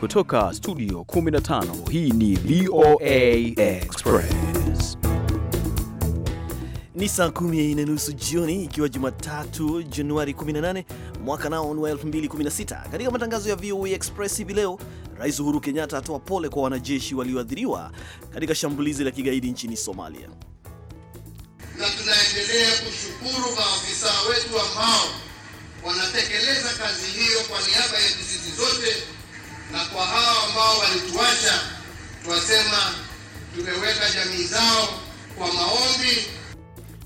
Kutoka studio 15 hii ni VOA Express. Ni saa kumi na nusu jioni ikiwa Jumatatu Januari 18 mwaka nao ni wa 2016. Katika matangazo ya VOA Express hivi leo, Rais Uhuru Kenyatta atoa pole kwa wanajeshi walioathiriwa katika shambulizi la kigaidi nchini Somalia. Na tunaendelea kushukuru maafisa wetu ambao wanatekeleza kazi hiyo kwa niaba yetu sisi zote na kwa hao ambao walituacha, twasema tumeweka jamii zao kwa maombi.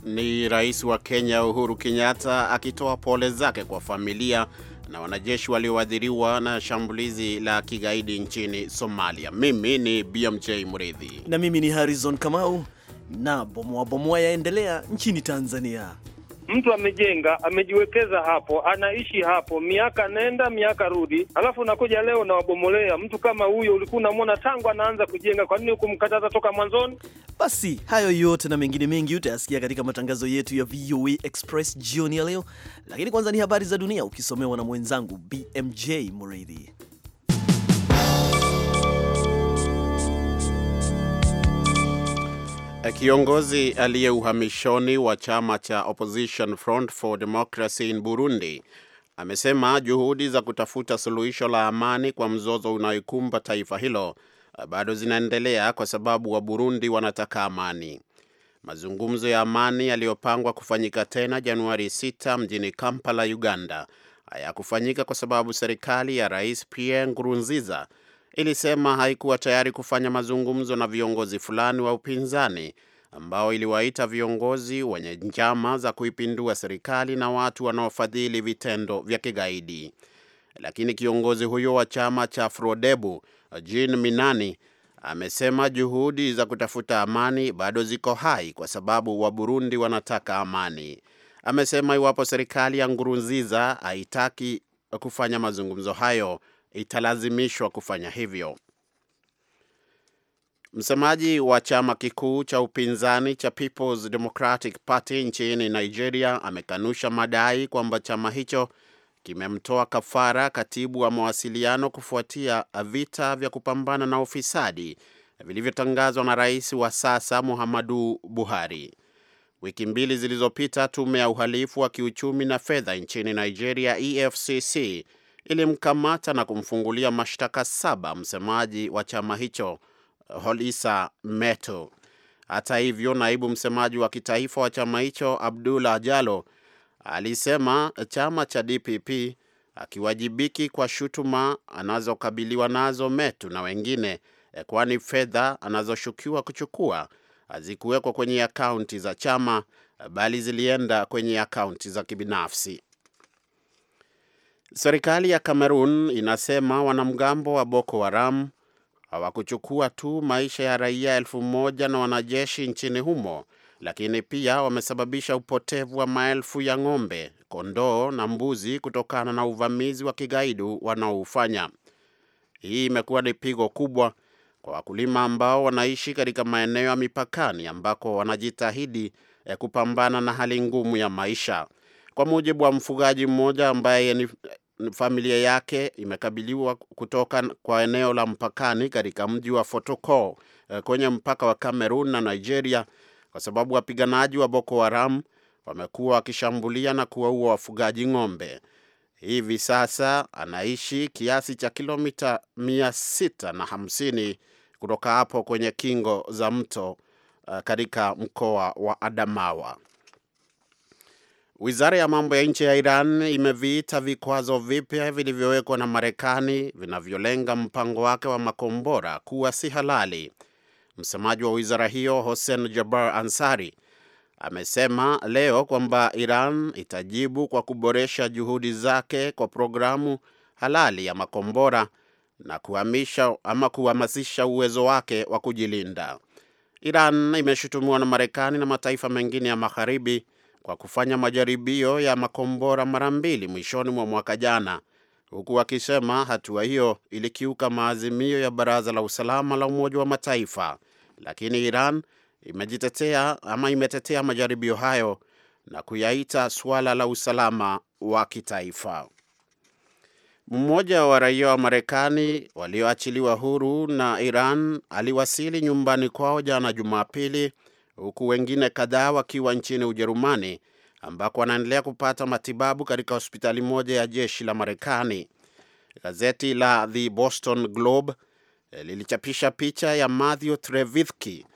Ni Rais wa Kenya Uhuru Kenyatta akitoa pole zake kwa familia na wanajeshi walioathiriwa na shambulizi la kigaidi nchini Somalia. Mimi ni BMJ Mridhi na mimi ni Harrison Kamau, na bomoa bomoa yaendelea nchini Tanzania mtu amejenga, amejiwekeza hapo, anaishi hapo miaka nenda miaka rudi, alafu unakuja leo nawabomolea mtu kama huyo. Ulikuwa unamwona tangu anaanza kujenga, kwa nini hukumkataza toka mwanzoni? Basi hayo yote na mengine mengi utayasikia katika matangazo yetu ya VOA e Express jioni ya leo, lakini kwanza ni habari za dunia ukisomewa na mwenzangu BMJ Mureithi. Eh, kiongozi aliye uhamishoni wa chama cha Opposition Front for Democracy in Burundi amesema juhudi za kutafuta suluhisho la amani kwa mzozo unaoikumba taifa hilo eh, bado zinaendelea kwa sababu wa burundi wanataka amani. Mazungumzo ya amani yaliyopangwa kufanyika tena Januari 6 mjini Kampala, Uganda hayakufanyika kwa sababu serikali ya Rais Pierre Nkurunziza ilisema haikuwa tayari kufanya mazungumzo na viongozi fulani wa upinzani ambao iliwaita viongozi wenye njama za kuipindua serikali na watu wanaofadhili vitendo vya kigaidi. Lakini kiongozi huyo wa chama cha Frodebu Jean Minani amesema juhudi za kutafuta amani bado ziko hai kwa sababu Waburundi wanataka amani. Amesema iwapo serikali ya Ngurunziza haitaki kufanya mazungumzo hayo italazimishwa kufanya hivyo. Msemaji wa chama kikuu cha upinzani cha People's Democratic Party nchini Nigeria amekanusha madai kwamba chama hicho kimemtoa kafara katibu wa mawasiliano kufuatia vita vya kupambana na ufisadi vilivyotangazwa na rais wa sasa Muhammadu Buhari. Wiki mbili zilizopita, tume ya uhalifu wa kiuchumi na fedha nchini Nigeria, EFCC, ilimkamata na kumfungulia mashtaka saba msemaji wa chama hicho Holisa Meto. Hata hivyo, naibu msemaji wa kitaifa wa chama hicho Abdullah Jalo alisema chama cha DPP akiwajibiki kwa shutuma anazokabiliwa nazo Metu na wengine, kwani fedha anazoshukiwa kuchukua hazikuwekwa kwenye akaunti za chama bali zilienda kwenye akaunti za kibinafsi. Serikali ya Cameroon inasema wanamgambo wa Boko Haram hawakuchukua tu maisha ya raia elfu moja na wanajeshi nchini humo, lakini pia wamesababisha upotevu wa maelfu ya ng'ombe, kondoo na mbuzi kutokana na uvamizi wa kigaidi wanaoufanya. Hii imekuwa ni pigo kubwa kwa wakulima ambao wanaishi katika maeneo ya mipakani ambako wanajitahidi eh, kupambana na hali ngumu ya maisha. Kwa mujibu wa mfugaji mmoja ambaye familia yake imekabiliwa kutoka kwa eneo la mpakani katika mji wa fotoco eh, kwenye mpaka wa cameron na Nigeria, kwa sababu wapiganaji wa Boko Haram wamekuwa wakishambulia na kuwaua wafugaji ng'ombe. Hivi sasa anaishi kiasi cha kilomita 650 kutoka hapo kwenye kingo za mto eh, katika mkoa wa Adamawa. Wizara ya mambo ya nje ya Iran imeviita vikwazo vipya vilivyowekwa na Marekani vinavyolenga mpango wake wa makombora kuwa si halali. Msemaji wa wizara hiyo Hossein Jabar Ansari amesema leo kwamba Iran itajibu kwa kuboresha juhudi zake kwa programu halali ya makombora na kuhamisha ama kuhamasisha uwezo wake wa kujilinda. Iran imeshutumiwa na Marekani na mataifa mengine ya magharibi kwa kufanya majaribio ya makombora mara mbili mwishoni mwa mwaka jana, huku akisema hatua hiyo ilikiuka maazimio ya Baraza la Usalama la Umoja wa Mataifa. Lakini Iran imejitetea ama imetetea majaribio hayo na kuyaita suala la usalama wa kitaifa. Mmoja wa raia wa Marekani walioachiliwa huru na Iran aliwasili nyumbani kwao jana Jumapili huku wengine kadhaa wakiwa nchini Ujerumani ambako wanaendelea kupata matibabu katika hospitali moja ya jeshi la Marekani. Gazeti la The Boston Globe eh, lilichapisha picha ya Matthew Trevithki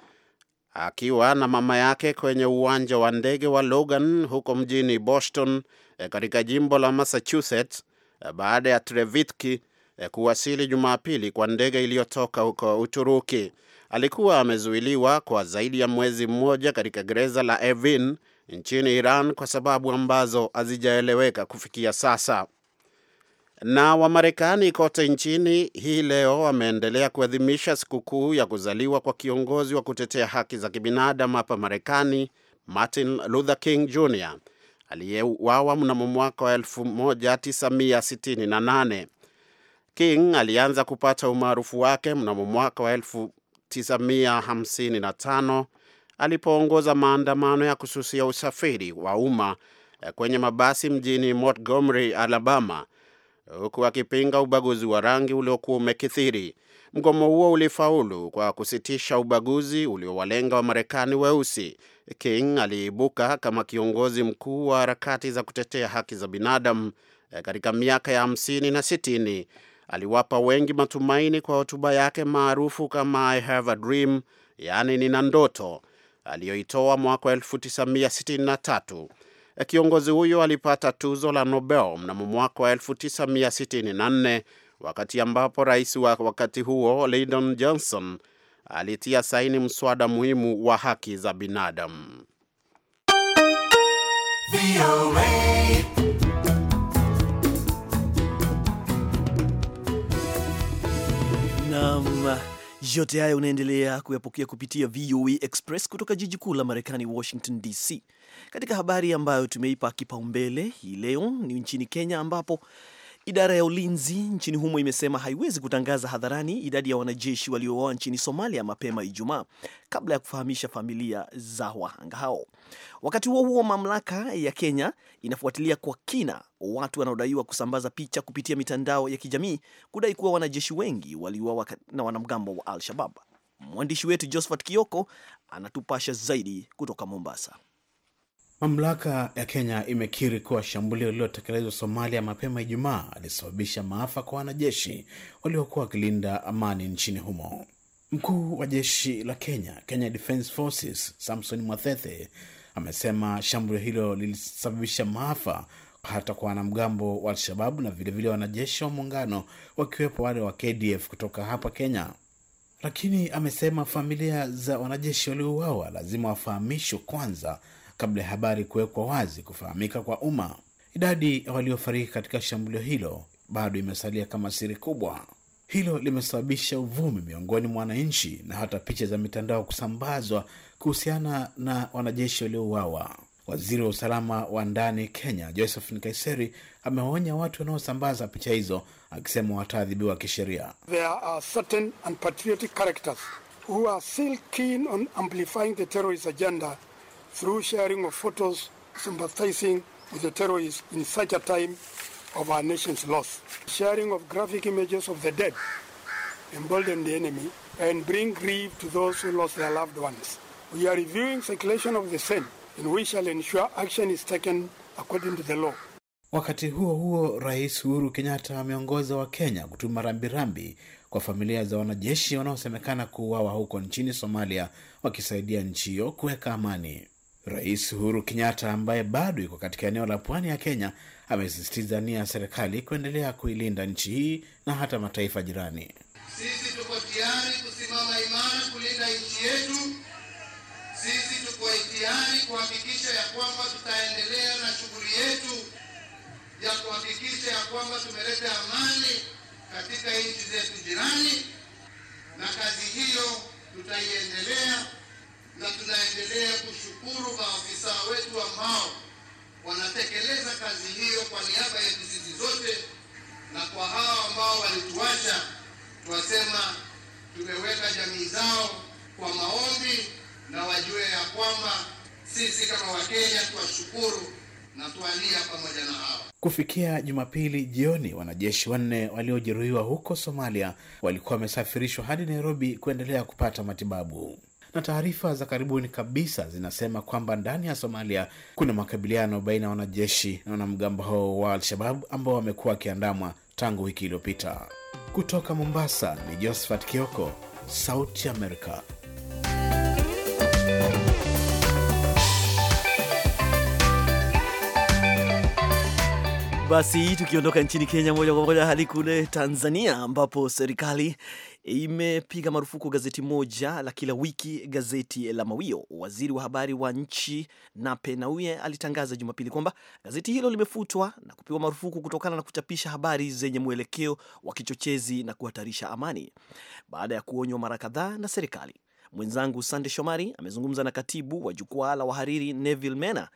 akiwa na mama yake kwenye uwanja wa ndege wa Logan huko mjini Boston eh, katika jimbo la Massachusetts eh, baada ya Trevithki kuwasili Jumapili kwa ndege iliyotoka huko Uturuki alikuwa amezuiliwa kwa zaidi ya mwezi mmoja katika gereza la Evin nchini Iran kwa sababu ambazo hazijaeleweka kufikia sasa. Na Wamarekani kote nchini hii leo wameendelea kuadhimisha sikukuu ya kuzaliwa kwa kiongozi wa kutetea haki za kibinadamu hapa Marekani, Martin Luther King Jr aliyeuawa mnamo mwaka wa 1968. King alianza kupata umaarufu wake mnamo mwaka wa 1955 alipoongoza maandamano ya kususia usafiri wa umma eh, kwenye mabasi mjini Montgomery, Alabama, huku akipinga ubaguzi wa rangi uliokuwa umekithiri. Mgomo huo ulifaulu kwa kusitisha ubaguzi uliowalenga Wamarekani weusi. King aliibuka kama kiongozi mkuu wa harakati za kutetea haki za binadamu eh, katika miaka ya hamsini na sitini aliwapa wengi matumaini kwa hotuba yake maarufu kama I have a dream, yaani nina ndoto, aliyoitoa mwaka 1963. Kiongozi huyo alipata tuzo la Nobel mnamo mwaka wa 1964 wakati ambapo rais wa wakati huo Lyndon Johnson alitia saini mswada muhimu wa haki za binadamu. Naam, yote haya unaendelea kuyapokea kupitia VOA e Express kutoka jiji kuu la Marekani, Washington DC. Katika habari ambayo tumeipa kipaumbele hii leo ni nchini Kenya, ambapo idara ya ulinzi nchini humo imesema haiwezi kutangaza hadharani idadi ya wanajeshi waliooa nchini Somalia mapema Ijumaa kabla ya kufahamisha familia za wahanga hao. Wakati huo huo, mamlaka ya Kenya inafuatilia kwa kina watu wanaodaiwa kusambaza picha kupitia mitandao ya kijamii kudai kuwa wanajeshi wengi waliuawa na wanamgambo wa Al-Shabab. Mwandishi wetu Josephat Kioko anatupasha zaidi kutoka Mombasa. Mamlaka ya Kenya imekiri kuwa shambulio lililotekelezwa Somalia mapema Ijumaa alisababisha maafa kwa wanajeshi waliokuwa wakilinda amani nchini humo. Mkuu wa jeshi la Kenya, Kenya Defence Forces, Samson Mwathethe amesema shambulio hilo lilisababisha maafa hata kwa wanamgambo wa Al-Shababu na vilevile wanajeshi wa muungano wakiwepo wale wa KDF kutoka hapa Kenya. Lakini amesema familia za wanajeshi waliouawa lazima wafahamishwe kwanza kabla ya habari kuwekwa wazi kufahamika kwa umma. Idadi ya waliofariki katika shambulio hilo bado imesalia kama siri kubwa. Hilo limesababisha uvumi miongoni mwa wananchi na hata picha za mitandao kusambazwa kuhusiana na wanajeshi waliouawa. Waziri wa usalama wa ndani Kenya Joseph Nkaiseri amewaonya watu wanaosambaza picha hizo, akisema wataadhibiwa kisheria. who are still keen on amplifying the terrorist agenda through sharing of photos sympathizing with the terrorists in such a time of our nation's loss. Sharing of graphic images of the dead embolden the enemy and bring grief to those who lost their loved ones. We are reviewing circulation of the same and we shall ensure action is taken according to the law. Wakati huo huo, Rais Uhuru Kenyatta ameongoza wa Kenya kutuma rambirambi kwa familia za wanajeshi wanaosemekana kuuawa huko nchini Somalia, wakisaidia nchi hiyo kuweka amani. Rais Uhuru Kenyatta ambaye bado yuko katika eneo la pwani ya Kenya amesisitiza nia ya serikali kuendelea kuilinda nchi hii na hata mataifa jirani. Sisi tuko tayari kusimama imara kulinda nchi yetu kuhakikisha ya kwamba tutaendelea na shughuli yetu ya kuhakikisha ya kwamba tumeleta amani katika nchi zetu jirani, na kazi hiyo tutaiendelea, na tunaendelea kushukuru maafisa wetu ambao wanatekeleza kazi hiyo kwa niaba yetu sisi zote, na kwa hawa ambao walituacha, twasema tumeweka jamii zao kwa maombi na wajue ya kwamba sisi kama Wakenya tuwashukuru na tualia pamoja na hawa. Kufikia Jumapili jioni, wanajeshi wanne waliojeruhiwa huko Somalia walikuwa wamesafirishwa hadi Nairobi kuendelea kupata matibabu na taarifa za karibuni kabisa zinasema kwamba ndani ya Somalia kuna makabiliano baina ya wanajeshi na wanamgambo hao wa Al-Shabab ambao wamekuwa wakiandamwa tangu wiki iliyopita. Kutoka Mombasa ni Josephat Kioko, Sauti Amerika. Basi tukiondoka nchini Kenya moja kwa moja hadi kule Tanzania ambapo serikali imepiga marufuku gazeti moja la kila wiki, gazeti la Mawio. Waziri wa habari wa nchi Nape Nnauye alitangaza Jumapili kwamba gazeti hilo limefutwa na kupigwa marufuku kutokana na kuchapisha habari zenye mwelekeo wa kichochezi na kuhatarisha amani, baada ya kuonywa mara kadhaa na serikali. Mwenzangu Sande Shomari amezungumza na katibu wa jukwaa la wahariri Neville Mena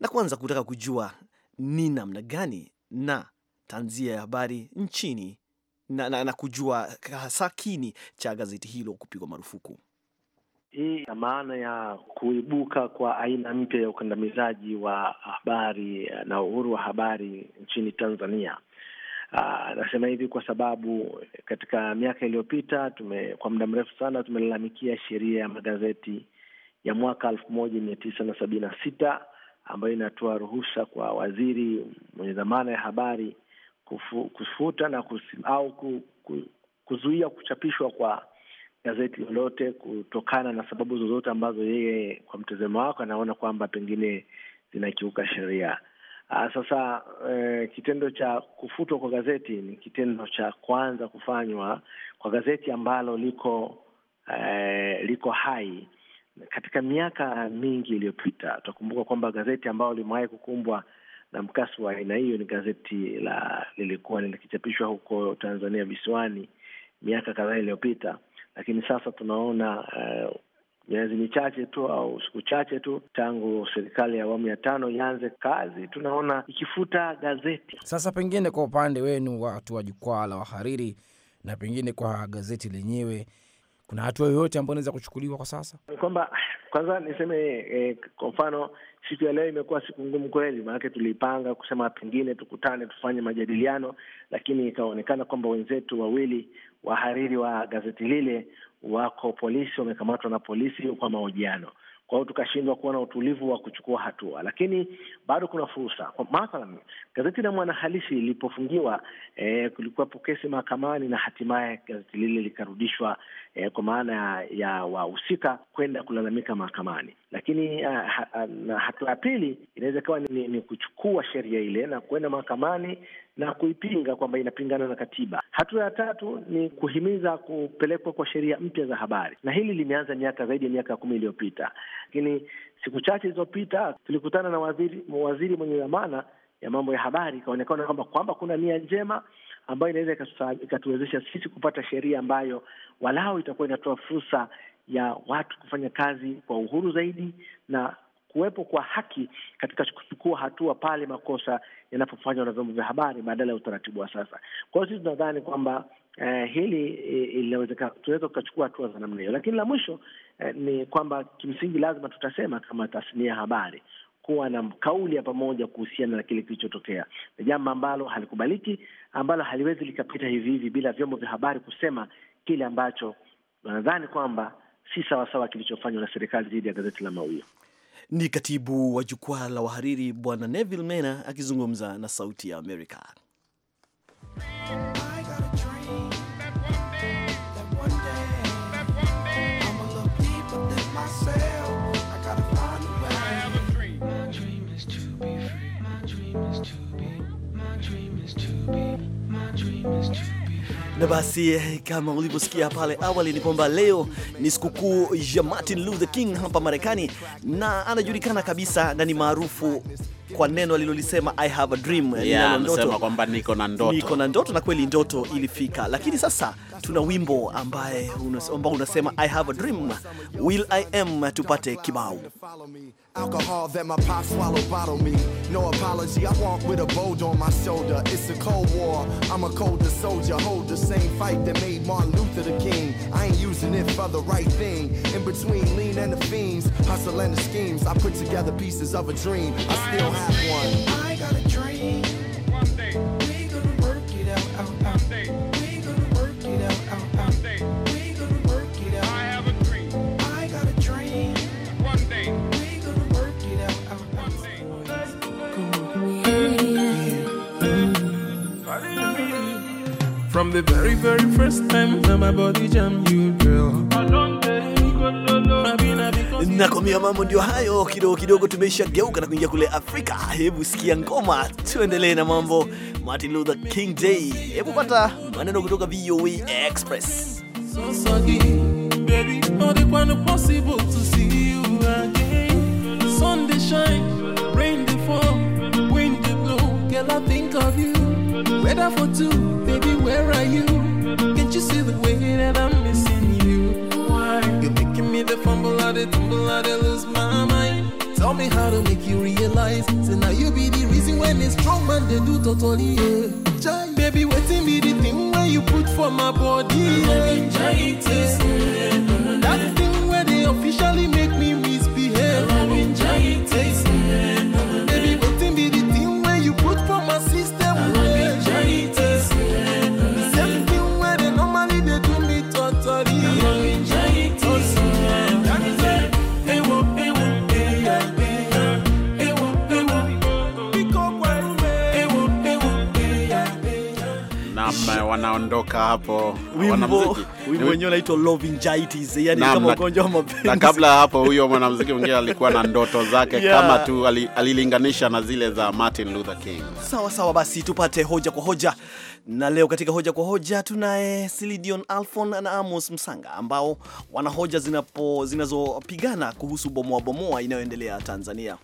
na kwanza kutaka kujua ni namna gani na tanzia ya habari nchini na, na, na kujua hasa kini cha gazeti hilo kupigwa marufuku. Hii ina maana ya kuibuka kwa aina mpya ya ukandamizaji wa habari eh, na uhuru wa habari nchini Tanzania. Anasema ah, hivi kwa sababu katika miaka iliyopita tume kwa muda mrefu sana tumelalamikia sheria ya magazeti ya mwaka elfu moja mia tisa na sabini na sita ambayo inatoa ruhusa kwa waziri mwenye dhamana ya habari kufu, kufuta na kusim, au ku, ku, kuzuia kuchapishwa kwa gazeti lolote kutokana na sababu zozote ambazo yeye kwa mtazamo wako anaona kwamba pengine zinakiuka sheria. Ah, sasa e, kitendo cha kufutwa kwa gazeti ni kitendo cha kwanza kufanywa kwa gazeti ambalo liko e, liko hai katika miaka mingi iliyopita. Tutakumbuka kwamba gazeti ambayo limewahi kukumbwa na mkasi wa aina hiyo ni gazeti la lilikuwa likichapishwa huko Tanzania visiwani miaka kadhaa iliyopita, lakini sasa tunaona uh, miezi michache tu au siku chache tu tangu serikali ya awamu ya tano ianze kazi, tunaona ikifuta gazeti. Sasa pengine kwa upande wenu watu wa jukwaa la wahariri na pengine kwa gazeti lenyewe kuna hatua yoyote ambayo inaweza kuchukuliwa kwa sasa? Kwamba kwanza niseme eh, kwa mfano siku ya leo imekuwa siku ngumu kweli, maanake tuliipanga kusema pengine tukutane tufanye majadiliano, lakini ikaonekana kwamba wenzetu wawili wahariri wa gazeti lile wako polisi, wamekamatwa na polisi kwa mahojiano. Kwa hiyo tukashindwa kuwa na utulivu wa kuchukua hatua, lakini bado kuna fursa. Kwa mathalan, gazeti la Mwanahalisi lilipofungiwa, e, eh, kulikuwapo kesi mahakamani na hatimaye gazeti lile likarudishwa, e, kwa maana ya wahusika kwenda kulalamika mahakamani. Lakini uh, ha, ah, na hatua ya pili inaweza ikawa ni, ni kuchukua sheria ile na kuenda mahakamani na kuipinga kwamba inapingana na katiba. Hatua ya tatu ni kuhimiza kupelekwa kwa sheria mpya za habari, na hili limeanza miaka zaidi ya miaka kumi iliyopita. Lakini siku chache zilizopita tulikutana na waziri, waziri mwenye dhamana ya mambo ya habari, ikaonekana kwamba kwamba kuna nia njema ambayo inaweza ikatuwezesha sisi kupata sheria ambayo walau itakuwa inatoa fursa ya watu kufanya kazi kwa uhuru zaidi na kuwepo kwa haki katika kuchukua hatua pale makosa yanapofanywa na vyombo vya habari badala ya utaratibu wa sasa. Kwa hiyo sisi tunadhani kwamba eh, hili eh, linawezekana, tunaweza tukachukua hatua za namna hiyo. Lakini la mwisho eh, ni kwamba kimsingi lazima tutasema kama tasnia ya habari kuwa na kauli ya pamoja kuhusiana na kile kilichotokea. Ni jambo ambalo halikubaliki, ambalo haliwezi likapita hivi hivi bila vyombo vya habari kusema kile ambacho wanadhani kwamba si sawasawa kilichofanywa na serikali dhidi ya gazeti la Mawio. Ni katibu wa jukwaa la wahariri Bwana Neville Mena akizungumza na Sauti ya Amerika. Basi eh, kama ulivyosikia pale awali ni kwamba leo ni sikukuu ya Martin Luther King hapa Marekani, na anajulikana kabisa na ni maarufu kwa neno alilolisema I have a dream, eh, yeah, ndoto kwamba niko na ndoto, niko na ndoto, na kweli ndoto ilifika. Lakini sasa tuna wimbo ambaye ambao unasema I have a dream will I am, tupate kibao alcohol that my pop swallow bottle me. No apology, I walk with a bold on my shoulder. It's a cold war, I'm a colder soldier. Hold the same fight that made Martin Luther the king. I ain't using it for the right thing. In between lean and the fiends, hustle and the schemes, I put together pieces of a dream. I still have, have one. I got a dream. One day. the very, very first time that my body jam you, girl. nakomia kwa mambo ndio hayo, kidogo kidogo tumeisha geuka na kuingia kule Afrika. Hebu sikia ngoma, tuendelee na mambo Martin Luther King Day. Hebu pata maneno kutoka VOA Express. So sorry, baby, not even possible to see you again. Sun the shine, rain the fall, wind the blow, girl I think of you. Weather for two, baby, where are you? Can't you see the way that I'm missing you? Why? You're making me the fumble, I the tumble, I the lose my mind. Tell me how to make you realize. So now you be the reason when it's strong, man, they do totally. Yeah. baby, waiting me the thing where you put for my body. Yeah. That thing where they officially make me. wanaondoka hapo. Wimbo wimbo wenyewe unaitwa Lovingitis, yani kama ugonjwa wa mapenzi. Na kabla hapo huyo mwanamuziki mwingine alikuwa na ndoto zake yeah, kama tu alilinganisha na zile za Martin Luther King. Sawa sawa, basi tupate hoja kwa hoja, na leo katika hoja kwa hoja tunaye Silidion Alfon na Amos Msanga ambao wana hoja zinapo zinazopigana kuhusu bomoa bomoa inayoendelea Tanzania.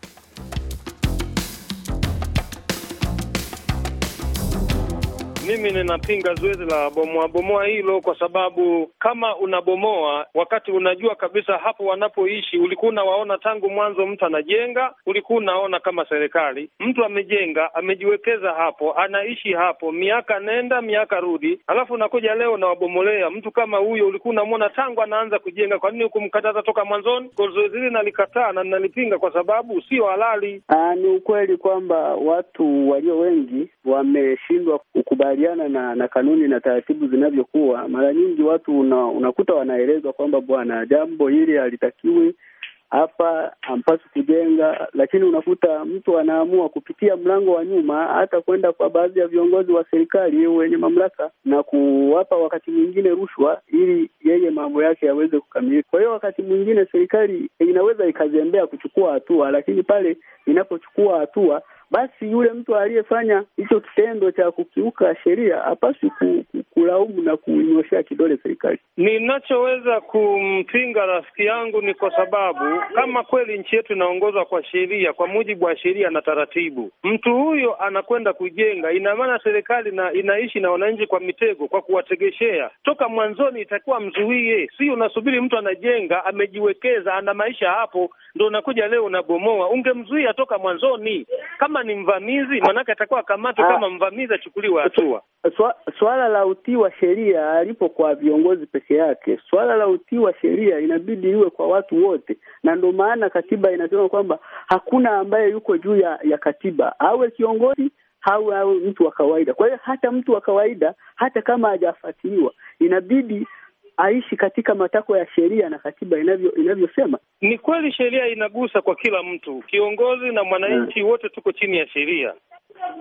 mimi ninapinga zoezi la bomoa bomoa hilo, kwa sababu kama unabomoa wakati unajua kabisa hapo wanapoishi, ulikuwa unawaona tangu mwanzo, mtu anajenga, ulikuwa unaona kama serikali, mtu amejenga, amejiwekeza hapo, anaishi hapo miaka nenda miaka rudi, alafu unakuja leo unawabomolea. Mtu kama huyo ulikuwa unamwona tangu anaanza kujenga, kwa nini hukumkataza toka mwanzoni? Kwa zoezi hili nalikataa na nalipinga kwa sababu sio halali. Ah, ni ukweli kwamba watu walio wengi wameshindwa kukubali kukubaliana na, na kanuni na taratibu zinavyokuwa, mara nyingi watu una, unakuta wanaelezwa kwamba bwana, jambo hili halitakiwi hapa, hampaswi kujenga, lakini unakuta mtu anaamua kupitia mlango wa nyuma, hata kwenda kwa baadhi ya viongozi wa serikali wenye mamlaka na kuwapa wakati mwingine rushwa, ili yeye mambo yake yaweze kukamilika. Kwa hiyo wakati mwingine serikali inaweza ikazembea kuchukua hatua, lakini pale inapochukua hatua basi yule mtu aliyefanya hicho kitendo cha kukiuka sheria hapaswi ku, ku, kulaumu na kunyoshea kidole serikali. Ninachoweza kumpinga rafiki yangu ni kwa sababu kama kweli nchi yetu inaongozwa kwa sheria, kwa mujibu wa sheria na taratibu, mtu huyo anakwenda kujenga, ina maana serikali na inaishi na wananchi kwa mitego, kwa kuwategeshea toka mwanzoni. Itakuwa mzuie, sio unasubiri mtu anajenga, amejiwekeza, ana maisha hapo, ndo unakuja leo unabomoa. Ungemzuia toka mwanzoni kama kama ni mvamizi, maanake atakuwa akamatwa ah. kama mvamizi, achukuliwe hatua. swala la utii wa sheria alipo kwa viongozi peke yake. Swala la utii wa sheria inabidi iwe kwa watu wote, na ndio maana katiba inasema kwamba hakuna ambaye yuko juu ya, ya katiba, awe kiongozi au awe mtu wa kawaida. Kwa hiyo hata mtu wa kawaida, hata kama hajafuatiliwa, inabidi aishi katika matakwa ya sheria na katiba inavyo inavyosema. Ni kweli sheria inagusa kwa kila mtu, kiongozi na mwananchi, eh. wote tuko chini ya sheria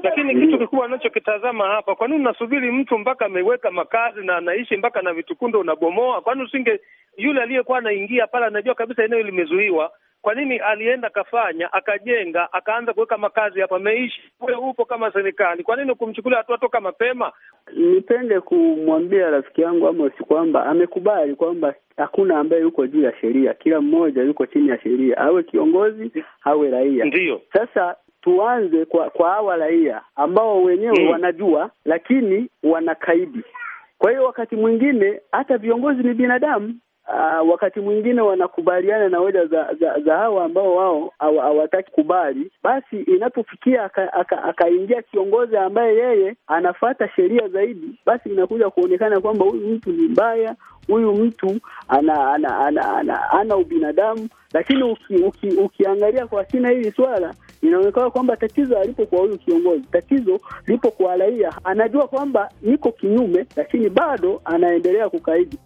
lakini kitu mm. kikubwa anachokitazama hapa, kwa nini unasubiri mtu mpaka ameweka makazi na anaishi mpaka na vitukundo unabomoa? Kwani usinge yule aliyekuwa anaingia pale anajua kabisa eneo limezuiwa, kwa nini alienda kafanya akajenga akaanza kuweka makazi hapa, ameishi wewe, upo kama serikali, kwa nini kumchukulia hatua toka mapema? Nipende kumwambia rafiki yangu Amos kwamba amekubali kwamba hakuna ambaye yuko juu ya sheria, kila mmoja yuko chini ya sheria, awe kiongozi awe raia. Ndiyo sasa tuanze kwa kwa hawa raia ambao wenyewe mm, wanajua lakini wanakaidi. Kwa hiyo wakati mwingine hata viongozi ni binadamu Ah, wakati mwingine wanakubaliana na hoja za, za, za hawa ambao wao hawataki kubali. Basi inapofikia akaingia aka, aka kiongozi ambaye yeye anafata sheria zaidi, basi inakuja kuonekana kwamba huyu mtu ni mbaya, huyu mtu ana ana, ana, ana, ana ubinadamu. Lakini uki, uki, ukiangalia kwa kina hili swala inaonekana kwamba tatizo alipo kwa huyu kiongozi, tatizo lipo kwa raia. Anajua kwamba niko kinyume, lakini bado anaendelea kukaidi.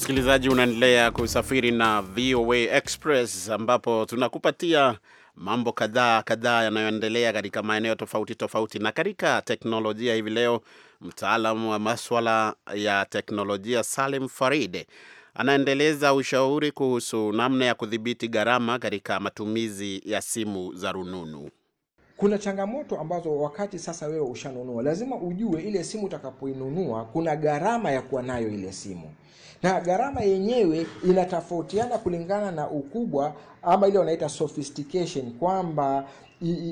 Msikilizaji, unaendelea kusafiri na VOA Express ambapo tunakupatia mambo kadhaa kadhaa yanayoendelea katika maeneo tofauti tofauti. Na katika teknolojia hivi leo, mtaalamu wa maswala ya teknolojia Salim Farid anaendeleza ushauri kuhusu namna ya kudhibiti gharama katika matumizi ya simu za rununu kuna changamoto ambazo wakati sasa wewe ushanunua, lazima ujue ile simu utakapoinunua kuna gharama ya kuwa nayo ile simu, na gharama yenyewe inatofautiana kulingana na ukubwa ama ile wanaita sophistication, kwamba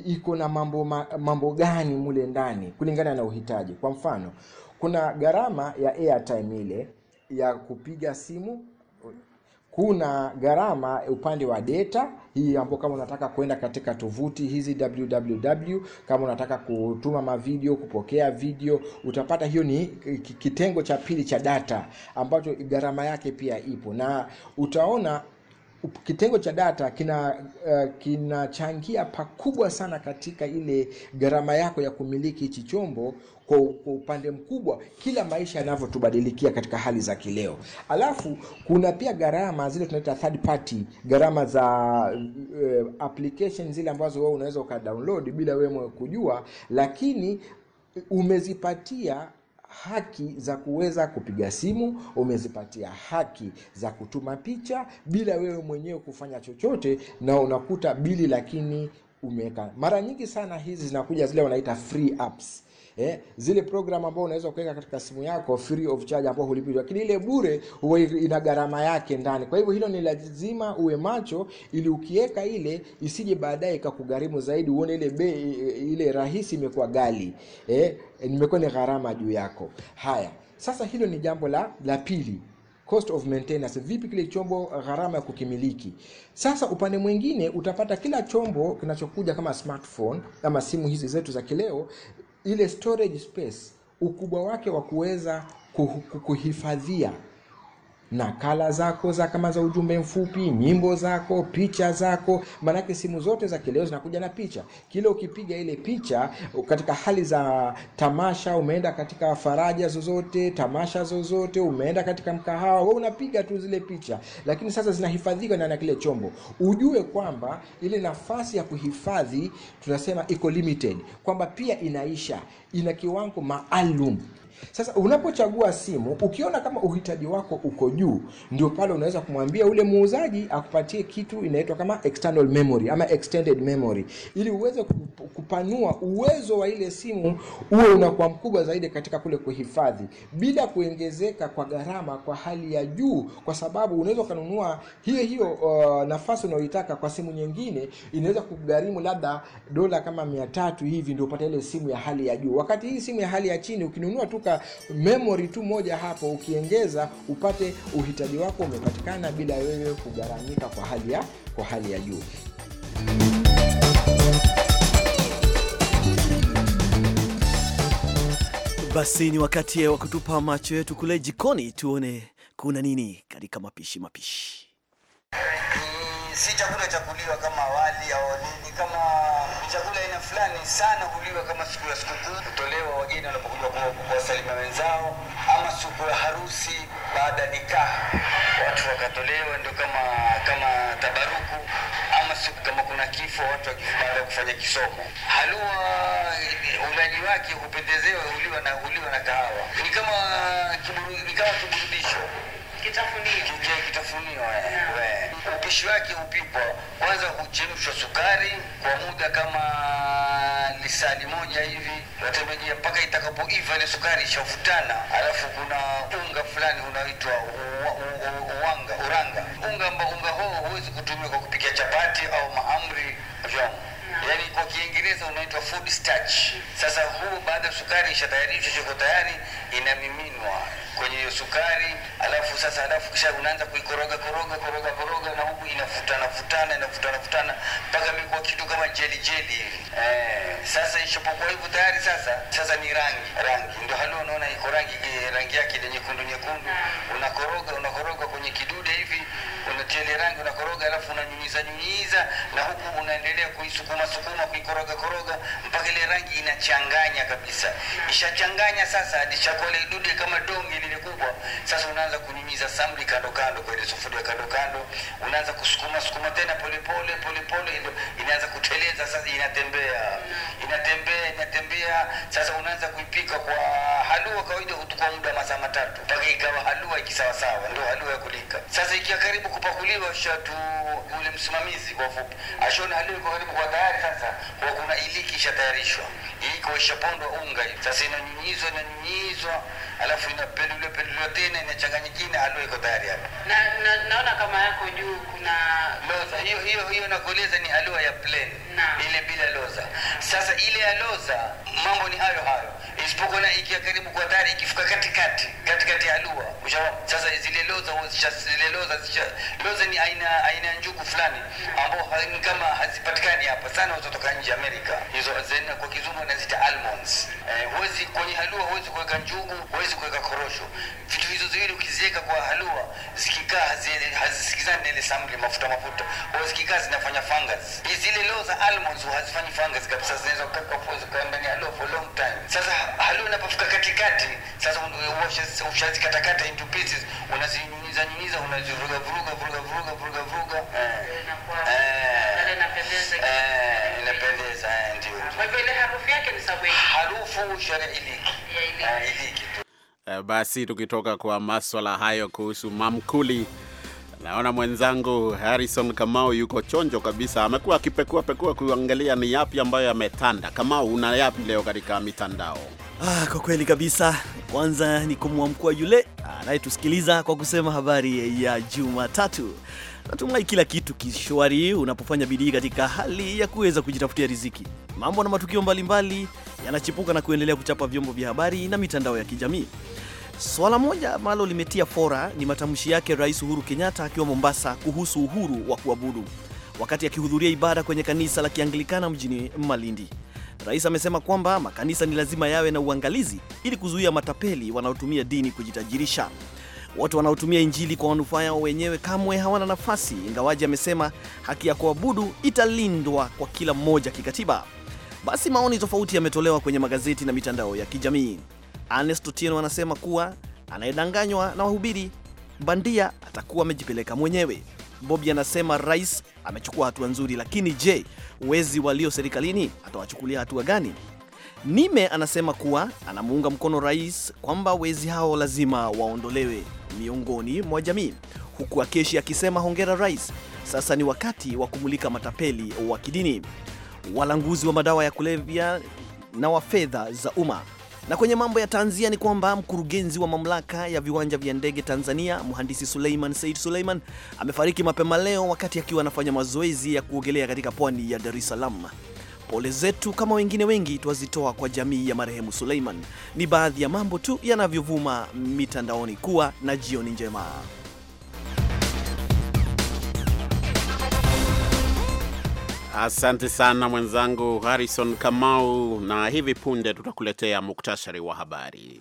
iko na mambo, mambo gani mule ndani kulingana na uhitaji. Kwa mfano, kuna gharama ya airtime ile ya kupiga simu kuna gharama upande wa data hii ambapo kama unataka kwenda katika tovuti hizi www, kama unataka kutuma mavideo, kupokea video, utapata hiyo. Ni kitengo cha pili cha data ambacho gharama yake pia ipo, na utaona kitengo cha data kina uh, kinachangia pakubwa sana katika ile gharama yako ya kumiliki hichi chombo kwa upande mkubwa kila maisha yanavyotubadilikia katika hali za kileo. Alafu kuna pia gharama zile tunaita third party, gharama za uh, application zile ambazo wewe unaweza ukadownload bila wewe kujua, lakini umezipatia haki za kuweza kupiga simu, umezipatia haki za kutuma picha bila wewe mwenyewe kufanya chochote, na unakuta bili, lakini umeweka. Mara nyingi sana hizi zinakuja zile wanaita free apps eh, zile program ambao unaweza kuweka katika simu yako free of charge ambao hulipi, lakini ile bure huwa ina gharama yake ndani. Kwa hivyo hilo ni lazima uwe macho, ili ukiweka ile isije baadaye ikakugharimu zaidi, uone ile be, ile rahisi imekuwa gali eh, nimekuwa ni gharama juu yako. Haya, sasa hilo ni jambo la la pili cost of maintenance, vipi kile chombo gharama ya kukimiliki. Sasa upande mwingine utapata kila chombo kinachokuja kama smartphone, kama simu hizi zetu za kileo ile storage space ukubwa wake wa kuweza kuhifadhia nakala zako za kama za ujumbe mfupi nyimbo zako picha zako maanake simu zote za kileo zinakuja na picha kile ukipiga ile picha katika hali za tamasha umeenda katika faraja zozote tamasha zozote umeenda katika mkahawa we unapiga tu zile picha lakini sasa zinahifadhika na ya kile chombo ujue kwamba ile nafasi ya kuhifadhi tunasema iko limited kwamba pia inaisha ina kiwango maalum sasa unapochagua simu, ukiona kama uhitaji wako uko juu, ndio pale unaweza kumwambia ule muuzaji akupatie kitu inaitwa kama external memory ama extended memory, ili uweze kupanua uwezo wa ile simu uwe unakuwa mkubwa zaidi katika kule kuhifadhi, bila kuongezeka kwa gharama kwa hali ya juu, kwa sababu unaweza ukanunua hiyo hiyo uh, nafasi unayoitaka kwa simu nyingine, inaweza kugharimu labda dola kama mia tatu hivi ndio upate ile simu ya hali ya juu, wakati hii simu ya hali ya chini ukinunua tu mpaka memory tu moja hapo ukiongeza upate uhitaji wako umepatikana bila wewe kugaramika kwa hali ya kwa hali ya juu. Basi ni wakati wa kutupa macho yetu kule jikoni, tuone kuna nini katika mapishi mapishi si chakula cha kuliwa kama wali au nini, kama chakula aina fulani sana kuliwa kama siku ya sikukuu, kutolewa wageni wanapokuja kuwasalimia wenzao, ama siku ya harusi, baada ya nikaha watu wakatolewa, ndio kama kama tabaruku ama siku kama kuna kifo watu baada ya kufanya kisomo. Halua ulaji wake hupendezewa, huliwa na huliwa na kahawa, ni kama ni kama kiburudisho kitafunio. Kitafunio eh, eh. Upishi wake upipo kwanza, huchemshwa sukari kwa muda kama lisani moja hivi, wategemea mpaka itakapoiva ile sukari ishafutana. Alafu kuna unga fulani unaitwa uwanga uranga, unga ambao unga huo huwezi kutumia kwa kupikia chapati au mahamri vyoma yaani kwa Kiingereza unaitwa food starch. Mm. Sasa huu baada ya sukari ishatayarishwa, iko tayari, inamiminwa kwenye hiyo sukari, alafu sasa, alafu kisha unaanza kuikoroga koroga koroga koroga, na huku inafutana futana inafutana futana mpaka imekuwa kitu kama jeli jeli hivi eh. Sasa ishopokuwa hivyo tayari sasa, sasa ni rangi rangi, ndio hali unaona iko rangi eh, rangi yake ile nyekundu nyekundu, ah. unakoroga unakoroga kwenye kidude hivi unatia ile rangi unakoroga, alafu unanyunyiza nyunyiza, na huku unaendelea kuisukuma sukuma kuikoroga koroga mpaka ile rangi inachanganya kabisa. Ishachanganya sasa, hadi chakole idude kama donge lile kubwa. Sasa unaanza kunyunyiza samli kando kando kwa ile sufuria kando kando, unaanza kusukuma sukuma tena polepole polepole, ndio inaanza kuteleza sasa, inatembea mm. inatembea inatembea. Sasa unaanza kuipika kwa halua kawaida hutukwa muda masaa matatu mpaka ikawa halua ikisawasawa, ndio halua ya kulika. Sasa ikiwa karibu kupakuliwa, shatu ule msimamizi kwa fupi ashone halua iko karibu kwa tayari sasa, kwa kuna iliki ishatayarishwa, iko ishapondwa unga hivi, sasa inanyunyizwa inanyunyizwa, alafu inapeluliwa peluliwa tena inachanganyikina, halua iko tayari hapa. Na, na, naona kama yako juu kuna loza hiyo hiyo hiyo, nakueleza ni halua ya plain ile bila loza. Sasa ile ya loza mambo ni hayo hayo isipokuwa na ikiwa karibu kwa dari ikifuka katikati katikati ya lua sasa zile loza zisha zile loza zisha loza ni aina aina ya njugu fulani ambao ni kama hazipatikani hapa sana utatoka nje Amerika hizo zina kwa kizungu nazita almonds eh, huwezi kwenye halua huwezi kuweka njugu huwezi kuweka korosho vitu hizo zile ukiziweka kwa halua zikikaa hazisikizani na ile samli mafuta mafuta huwezi kikaa zinafanya fungus zile loza almonds huwezi fanya fungus kabisa zinaweza kuweka kwa katikati. Sasa ushazikatakata into pieces, unazinyunyiza nyunyiza, unazivuruga vuruga vuruga vuruga vuruga vuruga, eh. Eh. Eh. inapendeza. Ndio harufu yake ni sabuni, harufu shara iliki iliki Basi tukitoka kwa maswala hayo kuhusu mamkuli Naona mwenzangu Harrison Kamau yuko chonjo kabisa, amekuwa akipekua pekua kuangalia ni yapi ambayo yametanda. Kamau, una yapi leo katika mitandao? Ah, kwa kweli kabisa. Kwanza ni kumwamkua yule anayetusikiliza kwa kusema habari ya Jumatatu. Natumai kila kitu kishwari unapofanya bidii katika hali ya kuweza kujitafutia riziki. Mambo na matukio mbalimbali yanachipuka na kuendelea kuchapa vyombo vya habari na mitandao ya kijamii. Swala moja ambalo limetia fora ni matamshi yake Rais Uhuru Kenyatta akiwa Mombasa kuhusu uhuru wa kuabudu wakati akihudhuria ibada kwenye kanisa la Kianglikana mjini Malindi. Rais amesema kwamba makanisa ni lazima yawe na uangalizi ili kuzuia matapeli wanaotumia dini kujitajirisha. Watu wanaotumia Injili kwa manufaa yao wenyewe kamwe hawana nafasi, ingawaji amesema haki ya kuabudu italindwa kwa kila mmoja kikatiba. Basi maoni tofauti yametolewa kwenye magazeti na mitandao ya kijamii. Ernest Otieno anasema kuwa anayedanganywa na wahubiri bandia atakuwa amejipeleka mwenyewe. Bobi anasema rais amechukua hatua nzuri, lakini je, wezi walio serikalini atawachukulia hatua gani? Nime anasema kuwa anamuunga mkono rais kwamba wezi hao lazima waondolewe miongoni mwa jamii, huku Akeshi akisema hongera rais, sasa ni wakati wa kumulika matapeli wa kidini, walanguzi wa madawa ya kulevya na wa fedha za umma na kwenye mambo ya tanzia ni kwamba mkurugenzi wa mamlaka ya viwanja vya ndege Tanzania, mhandisi Suleiman Said Suleiman amefariki mapema leo wakati akiwa anafanya mazoezi ya kuogelea katika pwani ya Dar es Salaam. Pole zetu kama wengine wengi twazitoa kwa jamii ya marehemu Suleiman. Ni baadhi ya mambo tu yanavyovuma mitandaoni. Kuwa na jioni njema. Asante sana mwenzangu Harrison Kamau, na hivi punde tutakuletea muktasari wa habari.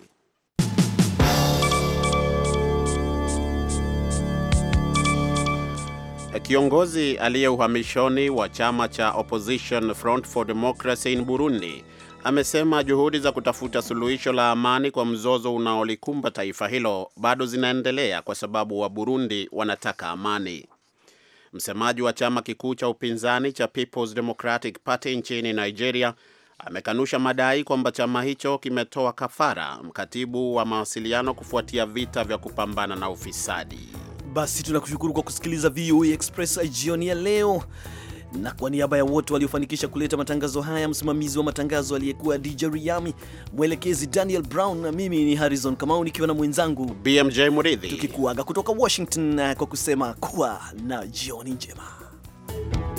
Kiongozi aliye uhamishoni wa chama cha Opposition Front for Democracy in Burundi amesema juhudi za kutafuta suluhisho la amani kwa mzozo unaolikumba taifa hilo bado zinaendelea kwa sababu wa burundi wanataka amani. Msemaji wa chama kikuu cha upinzani cha People's Democratic Party nchini Nigeria amekanusha madai kwamba chama hicho kimetoa kafara mkatibu wa mawasiliano kufuatia vita vya kupambana na ufisadi. Basi tunakushukuru kwa kusikiliza VOA e Express jioni ya leo. Na kwa niaba ya wote waliofanikisha kuleta matangazo haya, msimamizi wa matangazo aliyekuwa DJ Riami, mwelekezi Daniel Brown, na mimi ni Harrison Kamau nikiwa na mwenzangu BMJ Muridhi, tukikuaga kutoka Washington eh, kwa kusema kuwa na jioni njema.